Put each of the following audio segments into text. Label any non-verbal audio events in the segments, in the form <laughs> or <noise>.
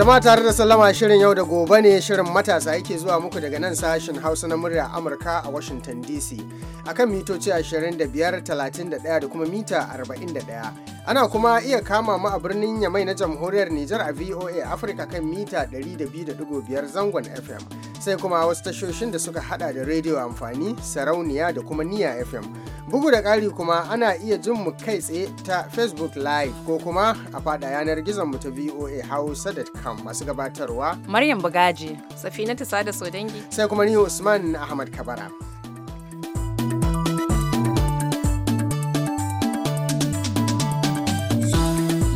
Jama'a tare da sallama shirin yau da gobe ne shirin matasa yake zuwa muku daga nan sashen Hausa na murya Amurka a Washington DC. akan mitoci 25, 31 da kuma mita 41. Ana kuma iya kama mu a birnin Yamai na jamhuriyar Nijar a VOA Africa kan mita 200.5 zangon FM. Sai kuma wasu tashoshin da suka hada da rediyo amfani, sarauniya da kuma niya FM. Bugu da ƙari kuma ana iya jin mu kai tsaye ta Facebook Live ko kuma a fada yanar gizon mu ta VOA Hausa.com masu gabatarwa. Maryam Bugaji, Safina Tisa da dangi. Sai kuma ni Usman Ahmad Kabara.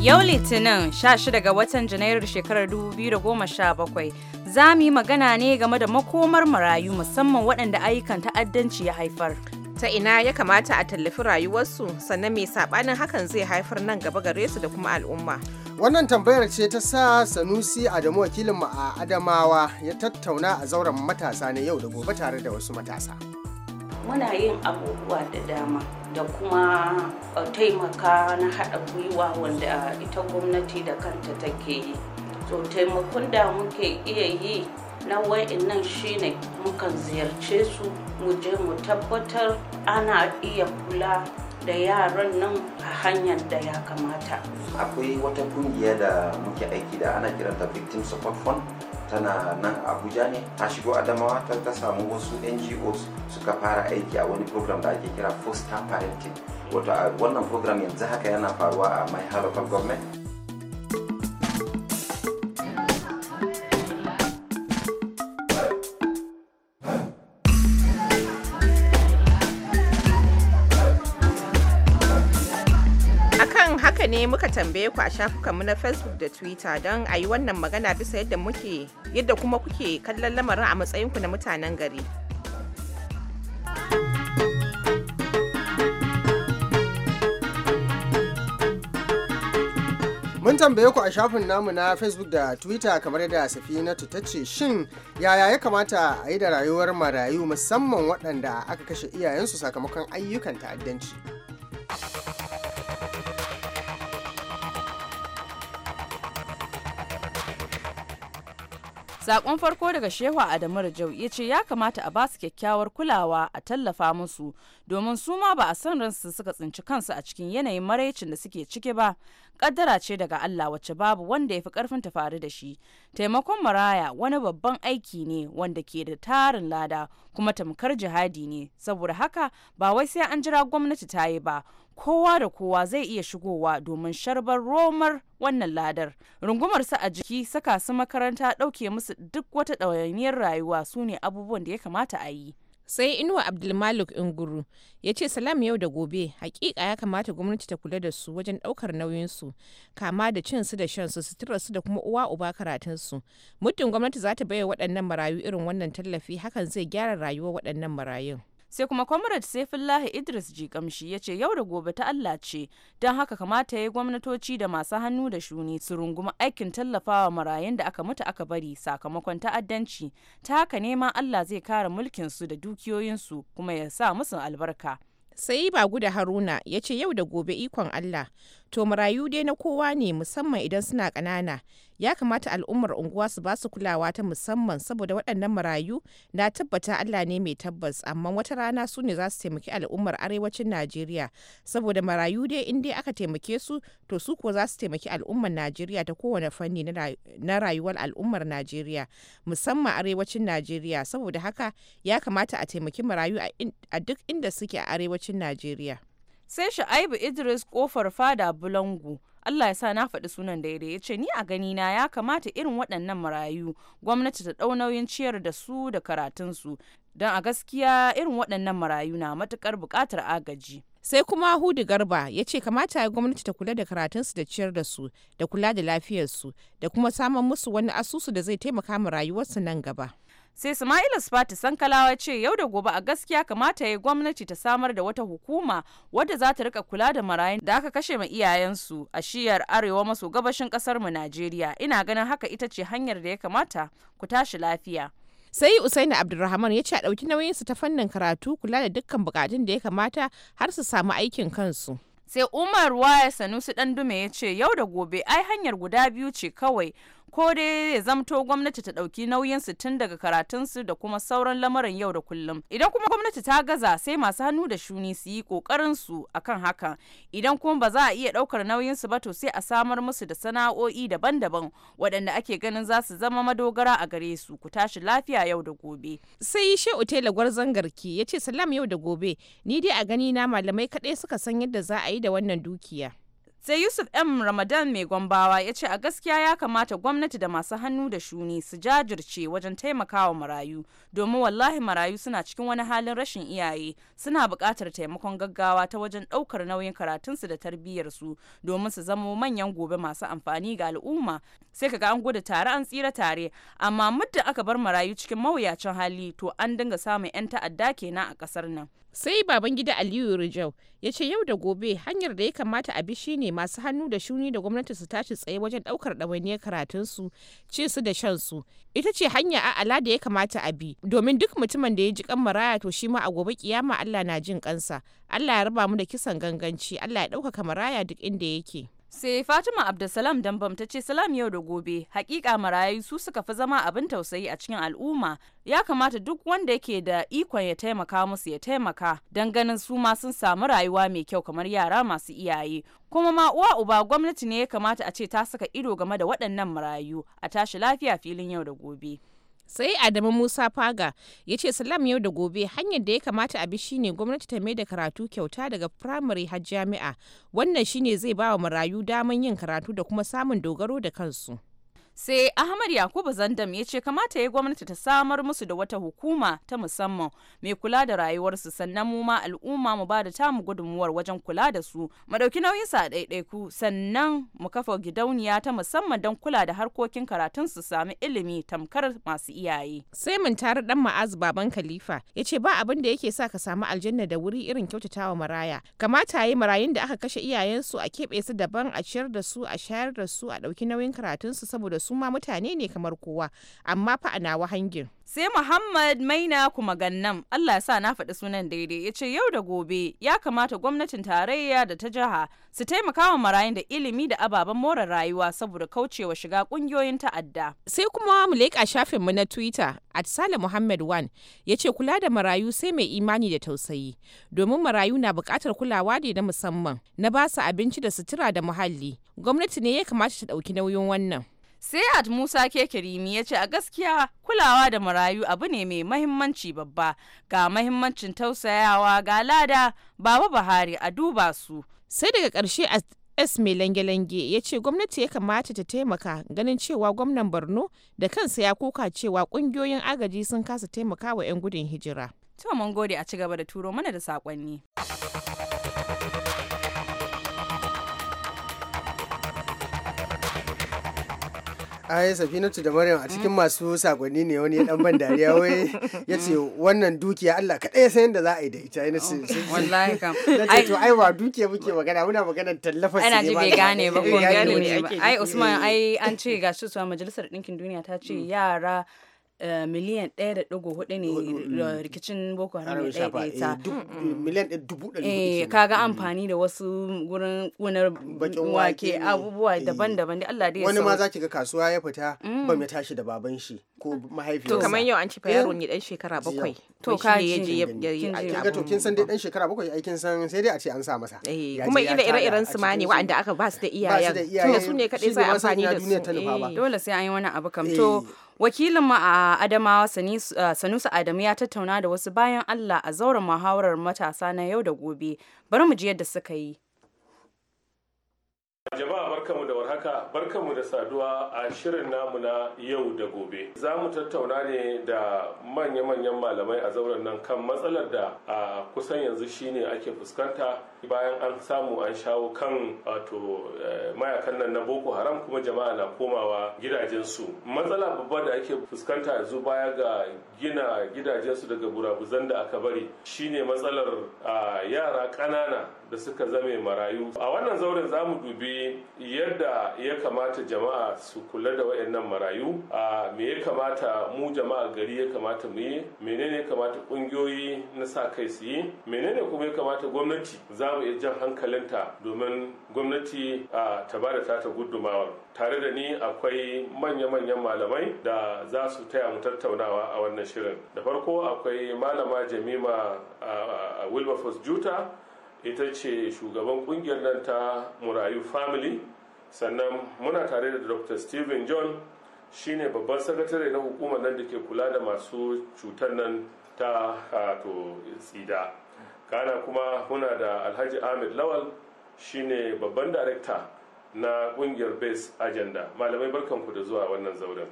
Yau Litinin 16 ga watan Janairu shekarar 2017 za mu yi magana ne game da makomar marayu musamman waɗanda ayyukan ta'addanci ya haifar. Ta ina ya kamata a tallafi rayuwarsu sannan mai saɓanin hakan zai haifar nan gaba gare su da kuma al'umma. Wannan tambayar ce ta sa Sanusi Adamu wakilin a Adamawa ya tattauna a zauren matasa ne yau da gobe tare da wasu matasa. Muna yin abubuwa da dama. da kuma uh, taimaka na haɗa gwiwa wanda ita gwamnati da kanta take yi to taimakon da muke iya yi na nan shine mukan ziyarce su mu je mu tabbatar ana iya kula da yaran nan a hanyar da ya kamata akwai wata kungiya da muke aiki da ana kiranta victim support fund tana nan abuja ne ta shigo adamawa ta ta samu wasu ngos suka fara aiki a wani program da ake kira foster parenting wannan program yanzu haka yana faruwa a my local government muka tambaye ku a shafukanmu na facebook da twitter don a yi wannan magana bisa yadda muke yadda kuma kuke kallon lamarin a matsayinku na mutanen gari Mun tambaye ku a shafin namu na Facebook da Twitter kamar yadda Safinatu ta ce shin yaya ya kamata a yi da rayuwar marayu musamman waɗanda aka kashe iyayensu sakamakon ayyukan ta'addanci. Sakon farko daga Shehu Adamu Rajau ya ce ya kamata a basu kyakkyawar kulawa a tallafa musu domin su ma ba a san ransu suka tsinci kansu a cikin yanayin maraicin da suke ciki ba. Kaddara ce daga Allah wacce babu wanda ya fi karfin ta faru da shi. Taimakon maraya wani babban aiki ne wanda ke da tarin lada kuma tamkar jihadi ne saboda haka ba wai sai an jira gwamnati ta yi ba kowa da kowa zai iya shigowa domin sharbar romar wannan ladar rungumar su a jiki saka su makaranta dauke musu duk wata ɗawainiyar rayuwa su ne abubuwan da ya kamata a yi sai inuwa abdulmalik inguru ya ce salam yau da gobe hakika ya kamata gwamnati ta kula da su wajen daukar nauyinsu kama da cin su da shan su sutura su da kuma uwa uba karatun su muddin gwamnati za ta bayar waɗannan marayu irin wannan tallafi hakan zai gyara rayuwar waɗannan marayun sai kuma comrade saifullahi idris jikamshi ya ce yau da gobe ta allah ce don haka kamata ya yi gwamnatoci da masu hannu da shuni su runguma aikin tallafawa marayun da aka mutu aka bari sakamakon ta'addanci ta haka neman allah zai kare su da dukiyoyinsu kuma ya sa musu albarka sai ba guda haruna ya ce yau da gobe ikon allah To marayu dai na kowa ne musamman idan suna ƙanana. Ya kamata al'ummar unguwa su ba su kulawa ta musamman saboda waɗannan marayu na tabbata Allah ne mai tabbas amma wata rana su ne za su taimaki al'ummar arewacin Najeriya saboda marayu dai in dai aka taimake su to su kuwa za su taimaki al'ummar Najeriya ta kowane fanni na rayuwar al'ummar Najeriya musamman arewacin Najeriya saboda haka ya kamata a taimaki marayu a duk inda suke a arewacin Najeriya. sai sha'aibu idris kofar fada bulangu Allah ya sa na faɗi sunan daidai ya ce ni a gani na ya kamata irin waɗannan marayu gwamnati ta ɗau nauyin ciyar da su da karatunsu don a gaskiya irin waɗannan marayu na matuƙar buƙatar agaji. sai kuma hudu garba ya ce kamata ya gwamnati ta kula da karatunsu da ciyar da su da kula da lafiyarsu da kuma samun musu wani asusu da zai taimaka ma rayuwarsu nan gaba sai Sumaila Sufati Sankalawa ce yau da gobe a gaskiya kamata ya gwamnati ta samar da wata hukuma wadda za ta rika kula da marayun da aka kashe ma iyayensu a shiyar arewa maso gabashin kasar mu Najeriya ina ganin haka ita ce hanyar da ya kamata ku tashi lafiya. sai usaini abdulrahman ya ce a ɗauki su ta fannin karatu kula da dukkan bukatun da ya kamata har su samu aikin kansu sai umar waya sanusi dan dume ya ce yau da gobe ai hanyar guda biyu ce kawai ko dai ya zamto gwamnati ta ɗauki su tun daga karatunsu da kuma sauran lamarin yau da kullum idan kuma gwamnati ta gaza sai masu hannu da shuni su yi kokarin su akan haka idan kuma ba za a iya ɗaukar su ba to sai a samar musu da sana'o'i daban-daban waɗanda ake ganin za su zama madogara a gare su ku tashi lafiya yau da gobe sai shehu tela gwarzon garki ya ce salam yau da gobe ni dai a gani na malamai kaɗai suka san yadda za a yi da wannan dukiya sai yusuf m ramadan mai gwambawa ya ce a gaskiya ya kamata gwamnati da masu hannu da shuni su jajirce wajen taimakawa marayu domin wallahi marayu suna cikin wani halin rashin iyaye suna buƙatar taimakon gaggawa ta wajen ɗaukar nauyin karatunsu da tarbiyyarsu domin su zamo manyan gobe masu amfani ga al'umma sai kaga an gudu tare an tsira tare amma muddin aka bar marayu cikin mawuyacin hali to an dinga samun 'yan ta'adda kenan a ƙasar nan sai baban gida aliyu rijau ya ce yau da gobe hanyar da ya kamata a bi shine masu hannu da shuni da gwamnati su tashi tsaye wajen ɗaukar ɗawainiyar karatunsu ci su da shan su ita ce hanya a ala da ya kamata a bi domin duk mutumin da ya ji kan maraya to shi ma a gobe kiyama allah na jin kansa allah ya raba mu da kisan ganganci allah ya ɗaukaka maraya duk inda yake sai fatima abdulsalam dambam ta ce salam yau da gobe hakika marayu su suka fi zama abin tausayi a cikin al'umma ya kamata duk wanda yake da ikon ya taimaka musu ya taimaka don ganin su ma sun samu rayuwa mai kyau kamar yara masu iyaye kuma ma uwa uba gwamnati ne ya kamata a ce ta saka ido game da waɗannan marayu a tashi lafiya filin yau da gobe. sai adamu musa faga ya ce salam yau da gobe hanyar da ya kamata a bi shine gwamnati ta mai da karatu kyauta daga firamare har jami'a wannan shine zai ba wa marayu daman yin karatu da kuma samun dogaro da kansu sai ahmad yakubu zandam ya ce kamata ya gwamnati ta samar musu da wata hukuma ta musamman mai kula da rayuwarsu sannan mu ma al'umma mu ba da tamu gudunmuwar wajen kula da su mu ɗauki nauyin sa ɗaiɗaiku sannan mu kafa gidauniya ta musamman don kula da harkokin karatun su sami ilimi tamkar masu iyaye sai mun tare dan ma'az baban khalifa ya ce ba abin da yake sa ka samu aljanna da wuri irin kyautatawa maraya kamata yi marayun da aka kashe iyayensu a keɓe su daban a ciyar da su a shayar da su a ɗauki nauyin karatunsu saboda su ma mutane ne kamar kowa amma fa a nawa hangin sai muhammad maina kuma gannan allah sa na faɗi sunan daidai ya ce yau da gobe ya kamata gwamnatin tarayya da ta jiha su taimaka wa marayun da ilimi da ababen more rayuwa saboda kaucewa shiga ƙungiyoyin ta'adda sai kuma mu leƙa mu na twitter at sale muhammad wan ya ce kula da marayu sai mai imani da tausayi domin marayu na buƙatar kulawa ne na musamman na ba su abinci da sutura da muhalli gwamnati ne ya kamata ta ɗauki nauyin wannan Sayad Musa Kekerimi ya ce a gaskiya kulawa da marayu abu ne mai mahimmanci babba ga mahimmancin tausayawa ga lada baba Buhari a duba su. Sai daga ƙarshe a S mai lange-lange ya ce gwamnati ya kamata ta taimaka ganin cewa gwamnan Borno da kansa ya kuka cewa kungiyoyin agaji sun kasa taimaka wa 'yan gudun hijira. To mun gode a ci gaba da turo mana da saƙonni. ai safinatu da maryam a cikin mm. masu sakonni ne wani dan ban dariya wai <laughs> ya ce mm. wannan dukiya allah kaɗai ya san yadda za a yi da ita ina ce oh, wallahi kam <laughs> ai to ai ba dukiya muke magana muna magana tallafa sai ne ana ji bai gane ba ko gane ne ba ai usman ai an ce <laughs> gashi su majalisar ɗinkin duniya ta ce mm. yara Eh, miliyan 1.4 ne mm, mm, rikicin boko haram ya daidaita eh, eh, miliyan 1.4 kaga mm. amfani da wasu gurin kunar wake abubuwa daban-daban da Allah da ya wani ma za ki ga kasuwa ya fita ba mai tashi da baban shi ko mahaifiyarsa to kamar yau an ci yaro ne dan shekara bakwai to ka je ya ya to kin san dai dan shekara bakwai ai kin san sai dai a ce an sa masa kuma ina ire-iren su ma ne wa'anda aka ba su da iyayen tunda su ne kadai sai amfani da su dole sai an yi wani abu kam to wakilin ma a adamawa eh, sanusa adamu ya tattauna da wasu bayan allah a zauren muhawarar matasa na yau da gobe bari mu ji yadda suka yi Jama'a barkamu da warhaka barkamu da saduwa a shirin namu na yau da gobe. Za mu tattauna ne da manya-manyan malamai a zauren nan kan matsalar da a kusan yanzu shine ake fuskanta bayan an samu an shawo kan wato eh, mayakan nan na Boko Haram kuma jama'a na komawa gidajensu. Matsala babba da ake fuskanta yanzu baya ga gina gidajensu daga burabuzan da aka bari shine matsalar yara ƙanana da suka zame marayu a wannan zauren za mu dubi yadda ya kamata jama'a su kula da waɗannan marayu a me ya kamata mu jama'a gari ya kamata mu yi menene ya kamata ƙungiyoyi na sa kai su yi menene kuma ya kamata gwamnati za mu iya jan hankalinta domin gwamnati a ta bada tata gudumawa tare da ni akwai manya-manyan malamai da za su taya mu tattaunawa a wannan shirin da farko akwai malama jamima wilberforce juta ita ce shugaban kungiyar nan ta murayu family sannan muna tare da dr steven john shine babban sakatare na hukumar nan da ke kula da masu cutar nan ta hato tsida kana kuma muna da alhaji ahmed lawal shine babban darekta na kungiyar base agenda malamai barkanku da zuwa wannan zauren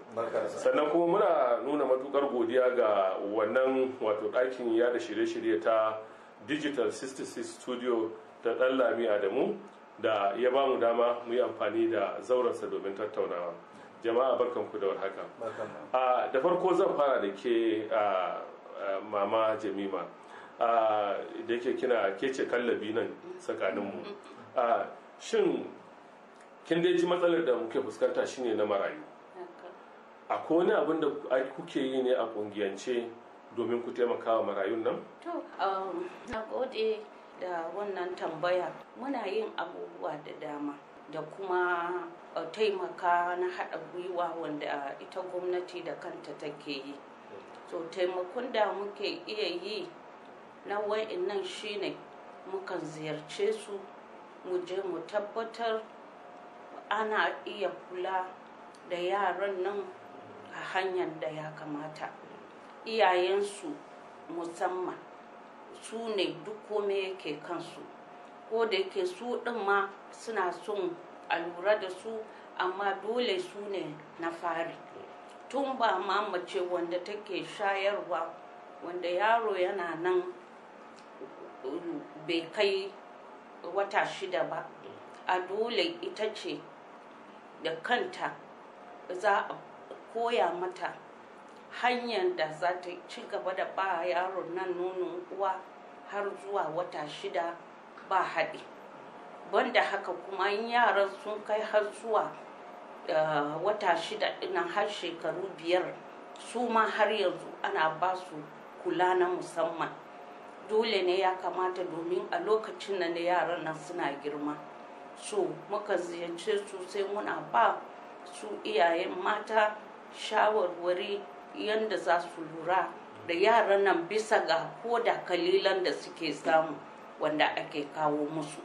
sannan kuma muna nuna matukar godiya ga wannan wato ɗakin yada shirye-shirye ta digital 66 studio ta ɗan lami adamu da ya ba mu dama mu yi amfani da zauransa domin tattaunawa jama'a barkanku da warhaka da farko zan fara da ke mama jamima da yake kina kece kallabi nan tsakaninmu shin kin dai ji matsalar da muke fuskanta shine na marayu akwai wani abin da kuke yi ne a kungiyance domin ku taimaka wa marayun nan? To, um, na gode da wannan tambaya. Muna yin abubuwa da dama da kuma uh, taimaka na haɗa gwiwa wanda ita gwamnati da kanta take yi. to taimakon da muke iya yi na nan shi shine mukan ziyarce su, mu je mu tabbatar ana iya kula da yaran nan a hanyar da ya kamata. iyayensu musamman su ne duk kome yake kansu ko da yake su ɗin ma suna son a lura da su amma dole su ne na fari tun ba ma mace wanda take shayarwa wanda yaro yana nan bai kai wata shida ba a dole ita ce da kanta za a koya mata hanyar da za ta ci gaba da ba yaron nan nonon uwa har zuwa wata shida ba haɗi banda haka kuma in yaran sun kai har zuwa eh, wata shida ɗinan har shekaru biyar su ma har yanzu ana ba su kula na musamman dole ne ya kamata domin a lokacin nan da yaran nan suna girma so muka ziyarce su sai muna ba su iyayen mata shawarwari Yanda za su lura da yaran nan bisa ga ko da kalilan da suke samu wanda ake kawo musu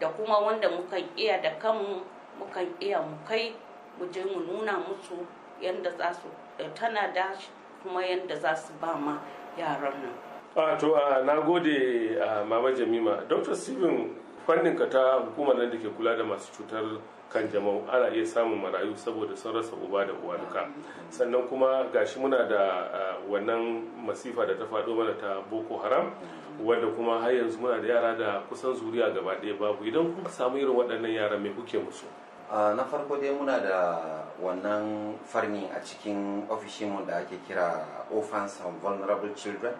da kuma wanda mukan iya da kanmu mukan iya mu kai mu je mu nuna musu yadda za su tana da kuma yadda za su ba ma yaran nan to a na gode a mama jamima dr steven ka ta hukumar nan da ke kula da masu cutar kan jama'u ana iya samun marayu saboda sun rasa uba da uwa duka sannan kuma gashi muna da wannan masifa da ta faɗo mana ta boko haram wanda kuma har yanzu muna da yara da kusan zuriya gaba ɗaya babu idan kun samu irin waɗannan yara mai kuke musu na farko dai muna da wannan farni a cikin ofishinmu da ake kira orphans and vulnerable children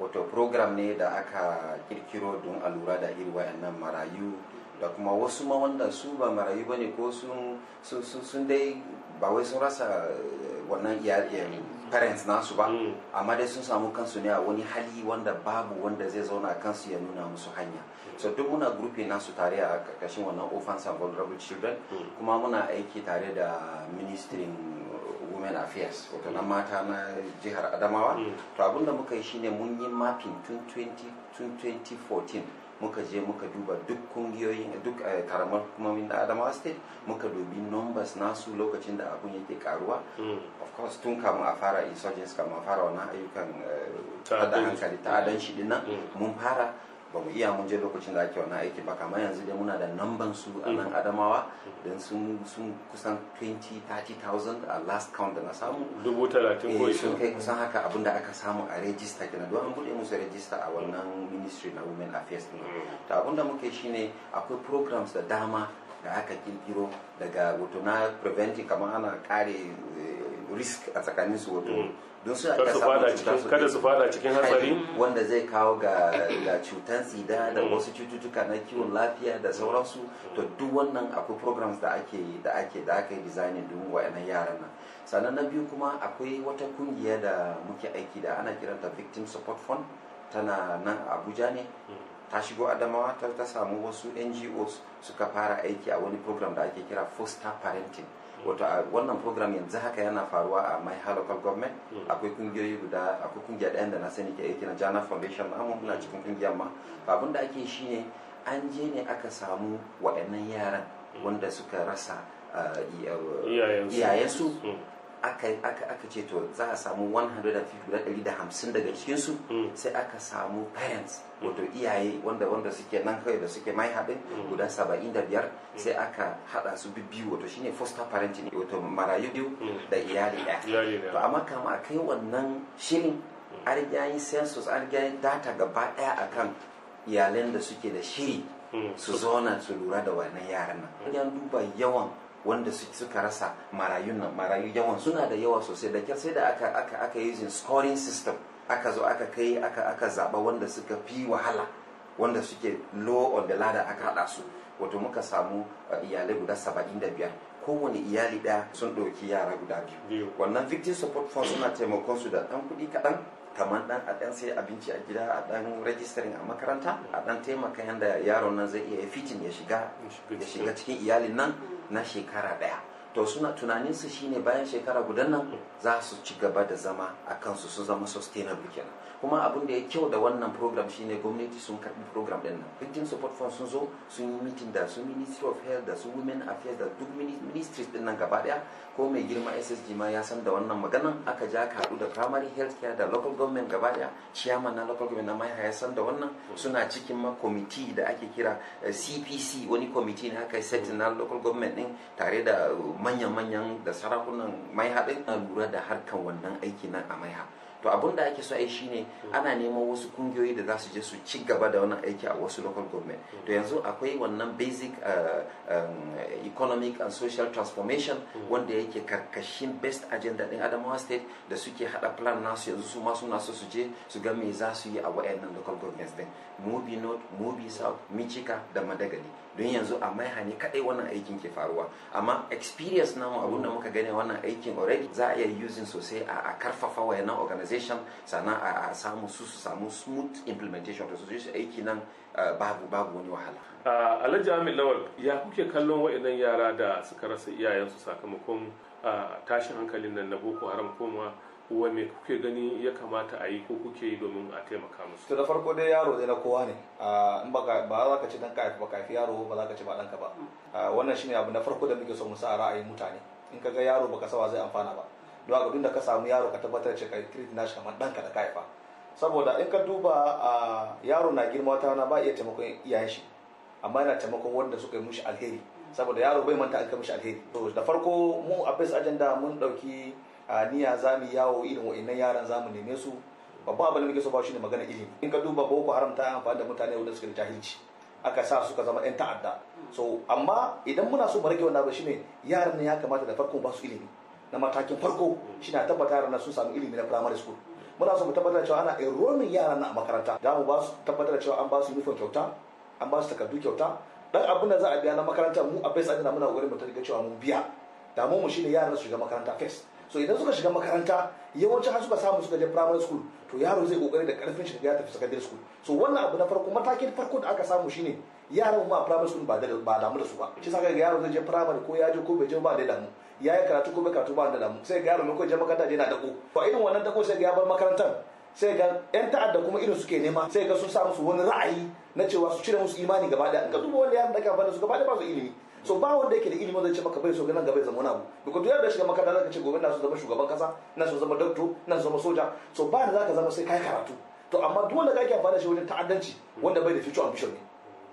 wato program ne da aka kirkiro don a lura da irin wayannan marayu da kuma wasu ma wanda su ba marayu ba ne ko sun dai ba wai sun rasa eh, wannan parents nasu ba mm. amma dai sun samu kansu ne a wani hali wanda babu wanda zai zauna kansu ya nuna musu hanya mm. so duk muna grupe nasu tare a karkashin wannan orphans and vulnerable children mm. kuma muna aiki tare da ministry women affairs wato na mata na jihar adamawa to abinda muka yi shine mun yi mapping tun 2014 muka je muka duba duk kungiyoyin duk eh, karamar hukumomin da adamawa state muka dubi numbers nasu lokacin da abun yake karuwa hmm. of course tun kamun a fara insurgents kamun a fara wani ayyukan eh, da hankali ta shi dinnan hmm. mun fara ba mu iya mun je lokacin da ake wannan aiki ba kamar yanzu dai muna da namban su a nan mm. adamawa don sun sun kusan 20-30,000 a last count da na samu dubu talatin ko eh, sun kai kusan haka abin da aka samu a rejista kenan don an buɗe musu rejista a wannan ministry na women affairs ne mm. ta abin da muke shine akwai programs da dama da aka kirkiro daga wato na preventing kamar ana kare eh, risk a tsakanin su wato mm. kada su fada cikin hatsari wanda zai kawo ga cutan tsida da mm. wasu cututtuka na kiwon lafiya da sauransu to mm. duk wannan akwai programs da ake da ake da aka yi designing don wayannan yaran nan sannan na biyu kuma akwai wata kungiya da muke aiki da ana kiranta victim support fund tana nan a abuja ne mm. ta shigo adamawa ta samu wasu ngos suka fara aiki a wani program da ake kira foster parenting wato wannan program yanzu haka yana faruwa a my local government hmm. akwai kungiyoyi guda akwai kungiya ɗayan da na sani ke aiki na jana foundation na muna cikin kungiyar ma abin da ake shi ne an je ne aka samu waɗannan yaran hmm. wanda suka rasa ah, eh, iyayensu hmm. aka ce to za a samu 150 daga cikinsu hmm. sai aka samu parents hmm. wato iyaye wanda wanda suke nan kawai da suke mai haɗin hmm. guda 75 sai aka haɗa su biyu wato shine foster parenting wato marayu biyu da iyali ɗaya to amma kama a kai wannan shirin an yi census an yi data gaba ɗaya akan iyalan da suke da shiri su zauna su lura da wannan yaran nan an duba yawan wanda suka rasa marayun nan marayu yawan suna da yawa sosai da kyar sai da aka aka aka using scoring system aka zo aka kai aka aka zaba wanda suka fi wahala wanda suke low on the ladder aka hada su wato muka samu uh, iyalai guda 75 kowane iyali ɗaya sun ɗauki yara guda biyu wannan victim support fund suna taimakon su da dan kuɗi kaɗan kamar dan a dan sai abinci a gida a dan registering a makaranta a dan taimaka yanda yaron nan zai iya fitin ya shiga ya shiga cikin iyalin nan na shekara daya to suna tunanin su shine bayan shekara gudan nan za su ci gaba da zama a kansu su zama sustainable kenan kuma abin da ya kyau da wannan program shine gwamnati sun karbi program din nan victim support fund sun zo sun yi meeting da su ministry of health da su women affairs da duk ministries din nan gaba daya ko mai girma ssg ma ya san da wannan maganan aka ja kadu da primary health care da local government gaba daya chairman na local government na ya san da wannan suna cikin ma committee da ake kira cpc eh, wani committee ne haka set na local government din tare da uh, manyan-manyan da sarakunan mai haɗin lura da harkan wannan aiki na a maiha to abin da ake so ai shine ana neman wasu kungiyoyi da za su je su ci gaba da wannan aiki a wasu local government to yanzu akwai wannan basic eh, eh, economic and social transformation wanda yake karkashin best agenda din adamawa state da suke hada plan nasu yanzu su masu suna su je su ga me za su yi a wayannan local governments din mobi north mobi south michika da madagali don yanzu a maihani ne kadai wannan aikin ke faruwa amma experience namu mu da muka gane wannan aikin already za a iya using sosai a karfafa wayannan organization sannan a samu su su samu smooth implementation da su aiki nan eh, babu babu wani wahala alhaji amin lawal ya kuke kallon wayannan yara da suka rasa iyayensu sakamakon eh, tashin hankalin nan na boko haram koma wa me kuke gani ya kamata a yi ko kuke yi domin a taimaka musu to da farko dai yaro dai na kowa ne ba za ka ci dan kaifi ba kaifi yaro ba za ka ci ba danka ba wannan shine abu na farko da muke so mu sa ra'ayin mutane in ka ga yaro baka sawa zai amfana ba don haka da ka samu yaro ka tabbatar da ka treat nashi kamar ɗanka da ka saboda in ka duba yaro na girma ta na ba iya taimakon iyayen shi amma yana taimakon wanda suka yi mushi alheri saboda yaro bai manta an kai mushi alheri da farko mu a base agenda mun dauki a niya za mu yawo irin wa'annan yaran za mu neme su babban abin da muke so ba shi ne magana ilimi in ka duba boko haram ta amfani da mutane wanda suke da jahilci aka sa suka zama yan ta'adda so amma idan muna so mu rage wannan abu shine yaran ne ya kamata da farko ba su ilimi na matakin farko shine tabbata yaran na sun samu ilimi na primary school muna so mu tabbatar cewa ana enrollment yaran na a makaranta za mu ba su tabbatar cewa an ba su uniform kyauta an ba su takardu kyauta dan abin da za a biya na makaranta mu a bai tsadina muna gurin mu ta cewa mun biya damu mu shine yaran su shiga makaranta first so idan suka shiga makaranta yawanci har suka samu suka je primary school to yaro zai kokari da karfin shi ya tafi secondary school so wannan abu na farko matakin farko da aka samu shine yaro ma primary school ba da ba damu da su ba shi saka yaro zai je primary ko ya je ko bai je ba da damu ya yi karatu ko bai karatu ba da damu sai ga yaro mai ko je makaranta yana dako to irin wannan dako sai ga ya bar makarantar sai ga yan ta'adda kuma irin suke nema sai ga sun samu su wani ra'ayi na cewa su cire musu imani gaba daya in ka duba wanda yaran da ka su gaba daya ba su ilimi so ba wanda yake da ilimin zai ce maka bai so ganin gaba ya zama wani abu duk to yadda shiga makaranta zaka ce gobe na so zama shugaban kasa na so zama dokto na so zama soja so ba da zaka zama sai kai karatu to amma duk wanda kake amfani da shi wajen ta'addanci wanda bai da future ambition ne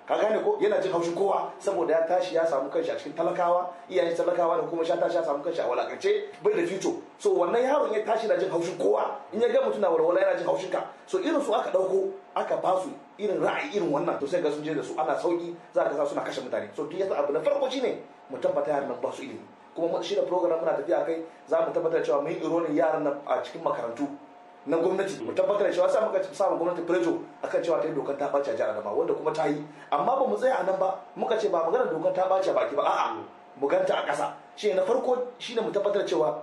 ka gane ko yana jin haushin kowa saboda ya tashi ya samu kanshi a cikin talakawa iyaye talakawa da kuma sha tashi ya samu kanshi a walakance bai da fito so wannan yaron ya tashi na jin haushin kowa in ya ga mutum na walwala yana jin haushin ka so irin su aka dauko aka ba su irin ra'ayi irin wannan to sai ga sun je da su ana sauki za ka ga suna kashe mutane so tun yasa abu na farko shine mu tabbata yaran nan ba su ilimi kuma shi da program muna tafiya kai za mu tabbatar cewa mun yi ironin yaran na a cikin makarantu na gwamnati mu tabbatar cewa sai muka sa mu gwamnati prejo akan cewa ta yi dokar ta bace a jihar Adamawa wanda kuma ta yi amma ba mu tsaya a nan ba muka ce ba magana dokar ta bace baki ba a'a mu ganta a ƙasa shi na farko shine mu tabbatar cewa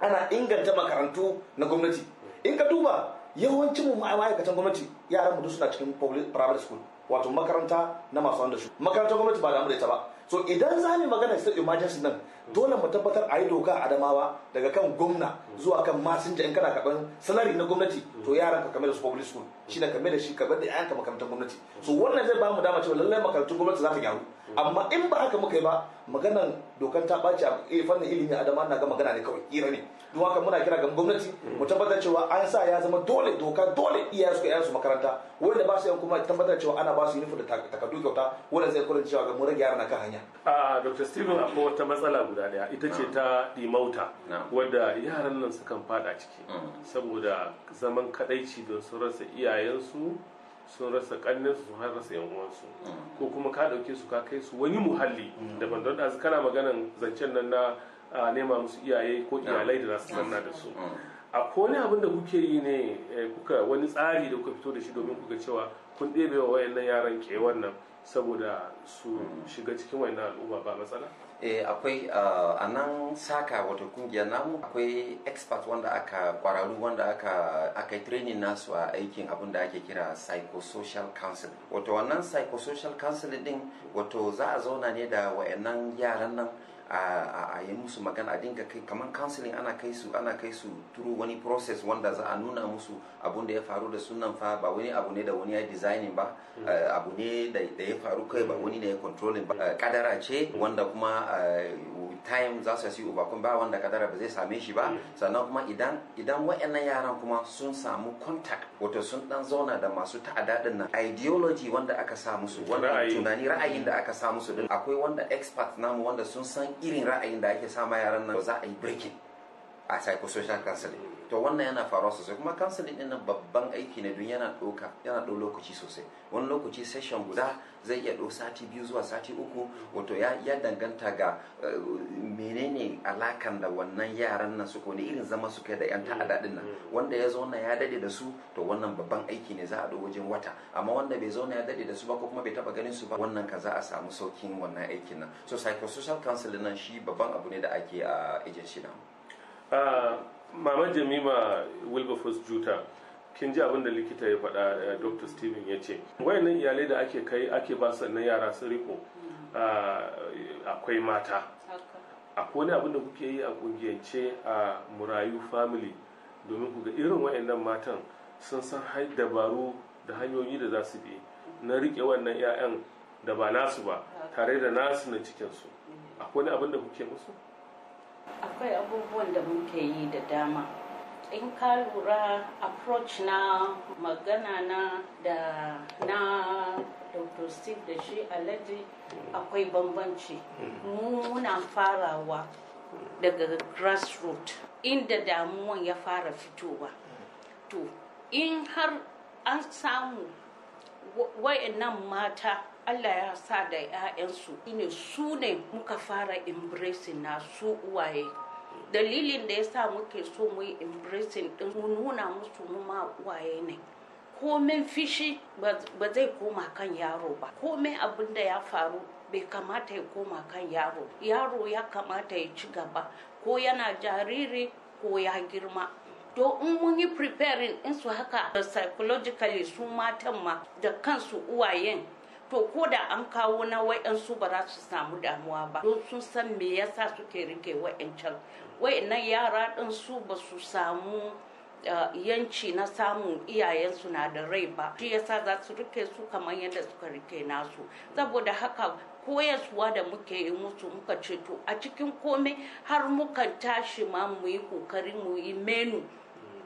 ana inganta makarantu na gwamnati in ka duba yawancin mu ma'aikatan gwamnati yaran mu duk suna cikin primary school wato makaranta na masu wanda su makarantar gwamnati ba damu da ita ba so idan za mu magana state emergency nan dole mu tabbatar a yi doka adamawa daga kan gwamna zuwa kan masinja in kana karban salari na gwamnati to yaran ka kamar da su public school shi na kamar da shi kamar da ayanka makarantar gwamnati so wannan zai ba mu dama cewa lallai makarantun gwamnati za ta gyaru amma in ba haka muka yi ba maganan dokar ta ɓaci a eh, fannin ilimi adama na ga magana ne kawai kira ne don haka muna kira ga gwamnati mu tabbatar cewa an sa ya zama dole doka dole iyaye su iyaye su makaranta wanda ba su yan kuma tabbatar cewa ana ba su yunifom da takardu kyauta wanda zai kula cewa ga mu rage yaran kan hanya ah, a dr steven akwai wata matsala guda daya ita ce ta dimauta wadda yaran wannan sukan fada ciki mm. saboda zaman kadaici don sun rasa iyayensu sun rasa kanninsu sun har rasa yan uwansu mm. ko kuma ka dauke su ka kai su wani muhalli mm. daban don ɗazu kana maganan zancen nan na nema musu iyaye ko iyalai da su sanna da su a wani abin da kuke yi ne eh, kuka wani tsari da kuka fito da shi domin kuka cewa kun ɗebe wa wayannan yaran ke wannan saboda su shiga cikin wayannan al'umma ba matsala eh akwai ah, a nan saka wato kungiya namu akwai expert wanda aka kwararru wanda aka aka training nasu a aikin abin da ake kira psychosocial council wato wannan psychosocial council din wato za a zauna ne da wayannan yaran nan a yi musu magana a dinga kai kamar counseling ana kai su ana kai su turu wani process wanda za a nuna musu abun da ya faru da sunan fa ba wani abu ne da wani ya designing ba hmm. eh, abu ne da ya faru kai ba hmm. wani ne ya controlling ba eh, kadara ce hmm. wanda kuma eh, tayin za su yi overcome ba wanda kadara ba zai same shi ba mm. sannan kuma idan idan wayannan yaran kuma sun samu contact wato sun dan zauna da masu ta'ada din nan ideology wanda aka sa musu wanda tunani ra'ayin da mm. aka sa musu din akwai wanda expert namu wanda sun san irin ra'ayin da ake sama yaran nan za a yi breaking a psychosocial counseling to wannan yana faruwa sosai kuma counseling din na babban aiki na duniya yana ɗauka yana ɗau lokaci sosai wani lokaci session guda zai iya ɗau sati biyu zuwa sati uku wato ya, danganta ga uh, menene alakan da wannan yaran nan suka wani irin zama suka da yan ta'ada din nan wanda ya zauna ya dade da su to wannan babban aiki ne za a ɗau wajen wata amma wanda bai zauna ya dade da su ba ko kuma bai taɓa ganin su ba wannan ka za a samu saukin wannan aikin nan so psychosocial counseling nan shi babban abu ne da ake a uh, na. mama jamima wilberforce juta kin ji abin da likita ya faɗa eh, dr steven ya ce wayannan iyalai da ake kai ake ba su na yara sun riko mm. ah, akwai mata akwai wani abin da kuke yi a kungiyance a murayu family domin ku ga irin wayannan matan sun san dabaru da hanyoyi da za su bi na rike wannan 'ya'yan da ba nasu ba tare da nasu na cikinsu mm. akwai wani abin da kuke musu akwai abubuwan da muke yi da dama in ka lura approach na magana na da na dr steve da shi alhaji akwai bambanci mu muna farawa daga grassroot inda damuwan ya fara fitowa to in har an samu wayannan mata Allah ya sa da 'ya'yansu ne su ne muka fara embracing na su uwaye dalilin da ya sa muke so mu yi embracing din mu nuna musu mu ma uwaye ne komen fishi ba zai koma kan yaro ba komen abin da ya faru bai kamata ya koma kan yaro yaro ya kamata ya ci gaba ko yana jariri ko ya girma to in mun yi preparing in su haka psychologically su matan ma da kansu uwayen to ko da an kawo na wa'yansu ba za su samu damuwa ba don sun san me yasa suke rike wa'yancan wa'yannan yara ɗin su ba su samu eh, yanci na samun iyayensu na da rai ba shi yasa za su rike su kamar yadda suka rike nasu saboda haka koyaswa da muke yi musu muka ce ceto a cikin komai har muka tashi ma mu yi kokari mu yi menu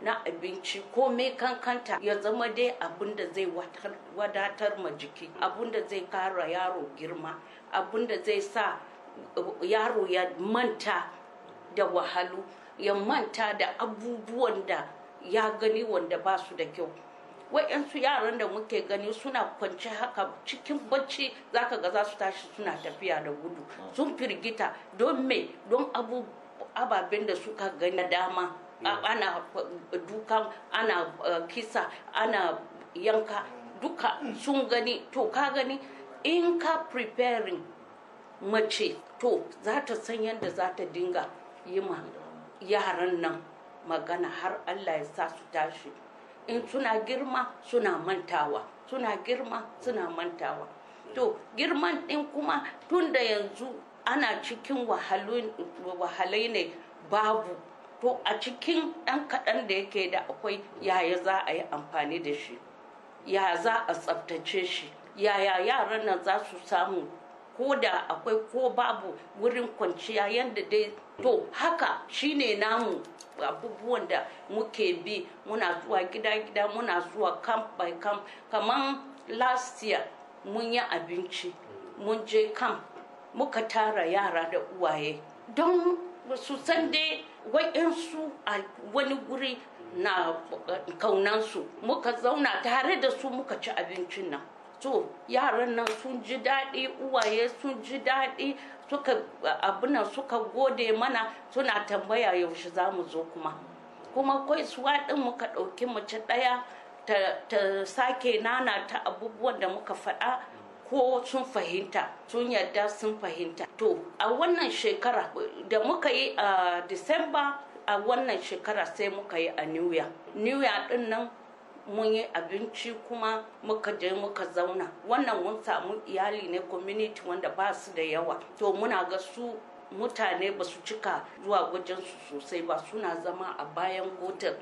na abinci komai kankanta ya zama dai abin da zai wadatar ma jiki abin da zai kara yaro girma abin da zai sa eh, yaro ya manta da wahalu ya manta da abubuwan da ya gani wanda ba su da kyau wa'yansu yaran da muke gani suna kwanci haka cikin bacci zaka ga za su tashi suna tafiya da gudu sun firgita don me don ababen da suka gani dama ana uh, duka, ana uh, kisa ana yanka duka sun gani to ka gani in ka preparing mace to za ta san yadda za ta dinga yi ma yaran nan magana har allah ya sa su tashi in suna girma suna mantawa suna girma suna mantawa to girman din kuma tun da yanzu ana cikin wahalai ne babu to a cikin ɗan kaɗan da yake da akwai yaya za a yi amfani da shi ya za a tsaftace shi yaya yaran nan za su samu ko da akwai ko babu wurin kwanciya yadda dai to haka shine namu abubuwan da muke bi muna zuwa gida-gida muna zuwa camp by camp kaman last year mun yi abinci mun je camp muka tara yara da uwaye don su san dai wa'insu a wani guri na eh, kaunansu muka zauna tare da su muka ci abincin nan to yaran nan sun ji daɗi uwaye sun ji daɗi suka abinan suka gode mana suna tambaya yaushe za mu zo kuma kuma kai suwa ɗin muka ɗauki mace ɗaya ta, sake nana ta abubuwan da muka faɗa ko sun fahimta sun yarda sun fahimta to a wannan shekara da muka yi a disamba a wannan shekara sai muka yi a new year new year din nan mun yi abinci kuma muka je muka zauna wannan mun samu iyali ne community wanda ba su da yawa to muna ga su mutane ba su cika zuwa su sosai ba suna zama a bayan gotar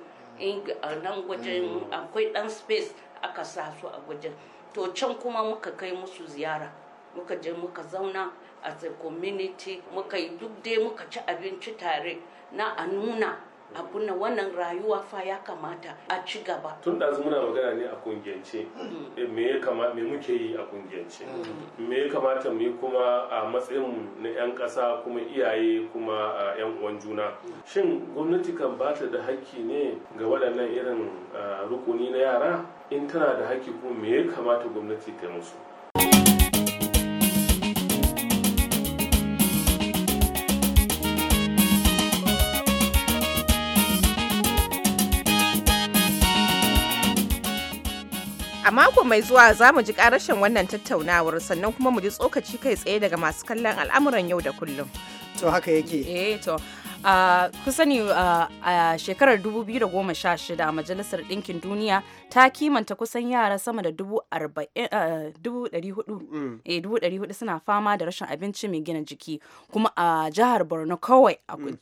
nan wajen mm. akwai dan space aka sa su a wajen to can kuma muka kai musu ziyara muka je muka zauna a community muka yi duk dai muka ci abinci tare na a nuna abun nan wannan rayuwa fa ya kamata a ci gaba tun da muna magana ne a kungiyance mm. me ya kamata me muke yi a kungiyance mm. me ya kamata mu yi kuma a matsayin mu na yan ƙasa kuma iyaye kuma yan uwan juna mm. shin gwamnati kan ba ta da hakki ne ga waɗannan irin rukuni na yara in tana da hakki kuma me ya kamata gwamnati ta musu A mako mai zuwa za mu ji karashin wannan tattaunawar sannan kuma mu ji tsokaci kai tsaye daga masu kallon al'amuran yau da kullum. To haka yake. Eh to. Uh, kusani a shekarar 2016 a majalisar ɗinkin duniya ta kimanta kusan yara sama da 400 mm. eh, suna fama da rashin abinci mai gina jiki kuma a jihar borno kawai mm. mm.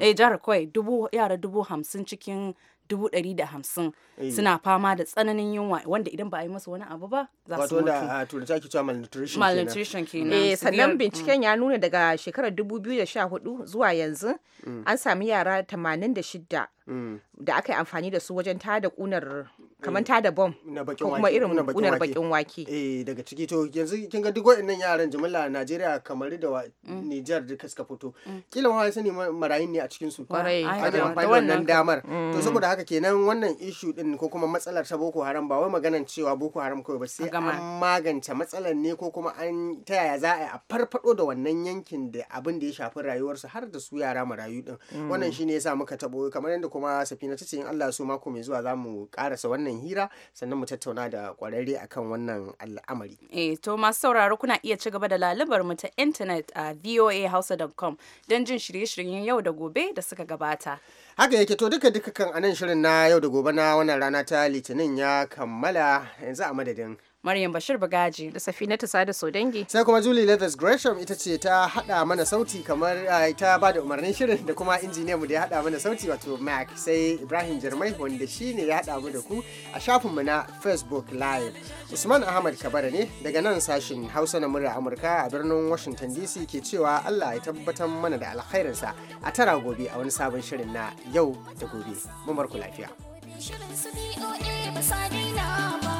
eh, jihar kawai yara dubu hamsin cikin dubu ɗari da hamsin eh. suna fama da tsananin yunwa wanda idan ba a yi masa wani abu ba za su mutu. Wato da a turanci ake cewa malnutrition kenan. Malnutrition kenan. Eh sannan binciken mm. ya nuna daga shekarar 2014 zuwa yanzu mm. an sami yara 86 mm. da aka yi amfani da su wajen tada kunar kamar mm. ta da bom ko kuma irin unar bakin wake eh daga ciki to yanzu kin ga duk nan yaran jimilla Najeriya kamar da mm. Niger duka suka fito mm. kila ma sani marayin ne a cikin su kwarai wannan damar to saboda haka kenan wannan issue din ko kuma matsalar ta Boko Haram ba wai maganan cewa Boko Haram kawai ba sai an magance matsalar ne ko kuma an ta yaya za a farfado da wannan yankin da abin da ya shafi rayuwarsu har da su yara marayu din wannan shine yasa muka tabo kamar yadda kuma Safina ta ce in Allah so mako mai zuwa za mu karasa wannan wannan hira sannan mu tattauna da kwararre akan wannan al'amari. Eh to masu sauraro kuna iya ci gaba da lalubar mu ta intanet a voahausa.com don jin shirye-shiryen yau da gobe da suka gabata. Haka yake to duka duka kan anan shirin na yau da gobe na wannan rana ta litinin ya kammala yanzu a madadin Maryam Bashir Bagaji da ta Sada Sodangi. Sai kuma Julie Leathers Gresham ita ce ta hada mana sauti kamar ta ba da umarnin shirin da kuma injiniya mu da ya hada mana sauti wato Mac sai Ibrahim Jirmai wanda shi ne ya hada mu da ku a shafin mu na Facebook Live. Usman Ahmad Kabara ne daga nan sashin Hausa na murya Amurka a birnin Washington DC ke cewa Allah ya tabbatar mana da sa a tara gobe a wani sabon shirin na yau da gobe. Mu lafiya. Shirin su ba.